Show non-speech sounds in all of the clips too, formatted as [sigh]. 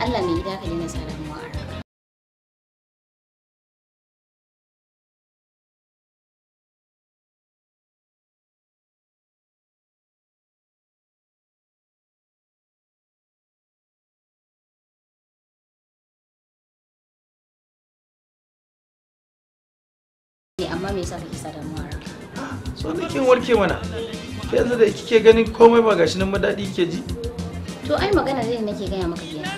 Allah mai gida ka daina sa damuwa a ranka. Eh, amma me yasa kake sa damuwa a ranka? So nake warke mana. Yanzu da kike ganin komai ba gashi nan madadi ke ji? to ai magana ne nake gaya maka kenan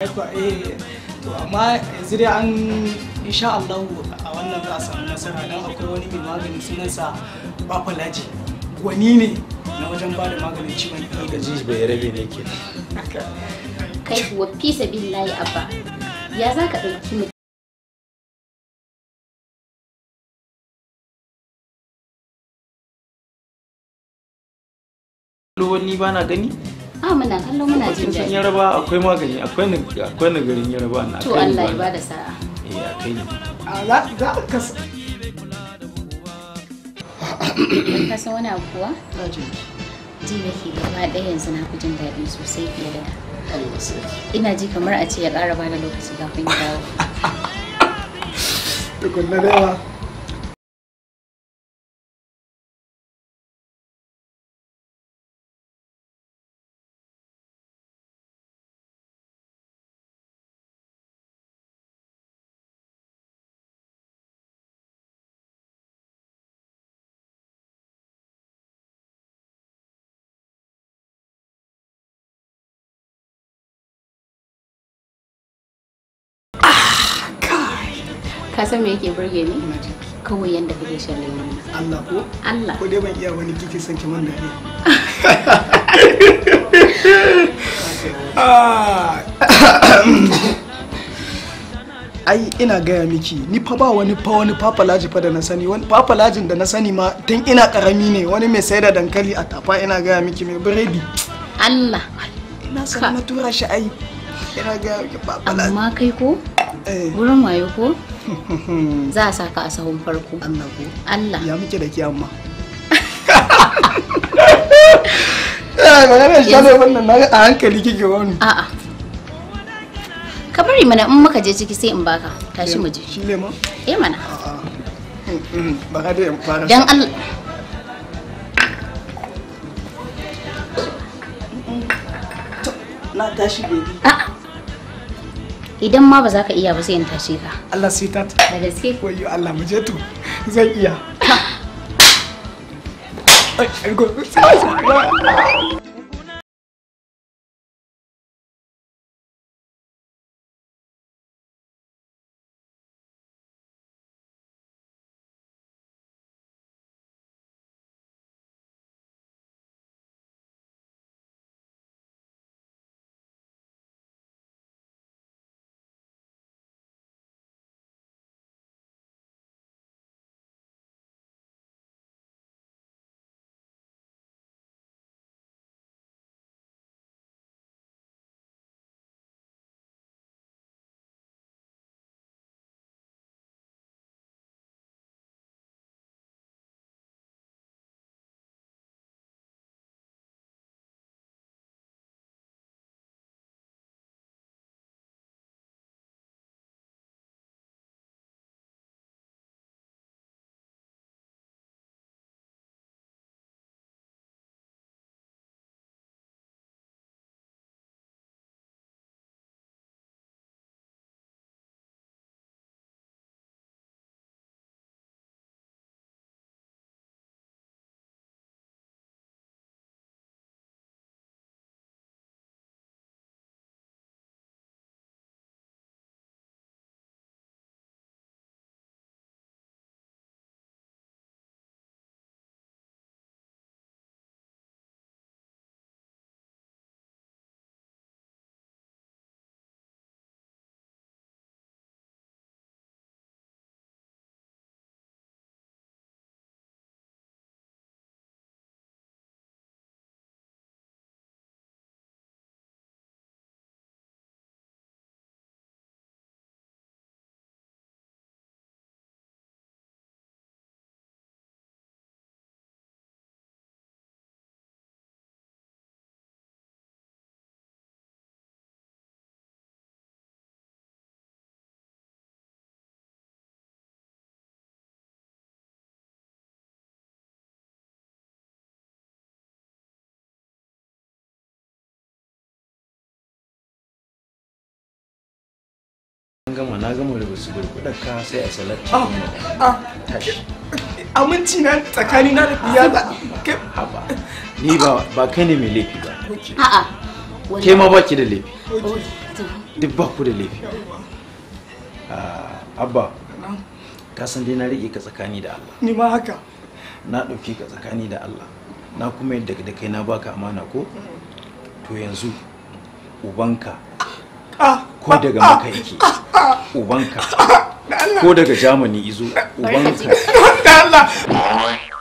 Eh, to amma yanzu dai an insha Allah a wannan za a samu nasara don akwai wani mai magani sunansa bafalaji gwani ne na wajen ba da maganin ciwon ɗi da ji bai rabe ne ke kai kuwa fi sabi layi abba ya za ka ɗauki mutum wani ba na gani a ah, muna kallo muna jin daɗi yaraba akwai magani akwai akwai yaraba na to Allah ya bada sa'a eh akai ne ka ka san wani abu kuwa ji nake gaba ɗaya yanzu na fi jin daɗi sosai fiye da ina ji kamar a ce ya ƙara bada lokaci kafin ya dawo [laughs] ka san me yake burge ni kawai yanda kake shan lemon Allah ko Allah ko dai ban iya wani kike san ki man da ne ah. ai ina gaya miki ni fa ba wani fa wani papalaji fa da na sani wani fafalajin da na sani ma tun ina karami ne wani mai sayar da dankali a tafa ina gaya miki mai biredi Allah ina san na tura shi ai ina gaya miki fafalaji amma kai ko eh. wurin wayo ko [laughs] za a saka a sahun farko Allah Allah ya muke da ke [laughs] ne na a hankali kike wani a'a ka bari mana in muka je ciki sai in baka tashi eh, mu je shi lema eh mana mm, mm, ba ka da yan fara dan Allah mm, na tashi bebi a'a idan ma ba za ka iya ba sai in tashe ka Allah sai ta da gaske wayo Allah mu je to zan iya gama na gama da wasu gurgurar ka sai a salar ah, ah. aminci na tsakani na da biya ba haba ni ba ba kai ne mai laifi ba ke ma baki da laifi duk ba ku da laifi ah, abba ka san dai na rike ka tsakani da Allah ni ma haka na ɗauki ka tsakani da Allah na kuma yadda da kai na baka amana ko to yanzu ubanka ko daga maka yake ubanka ah, ko daga Germany izo ubanka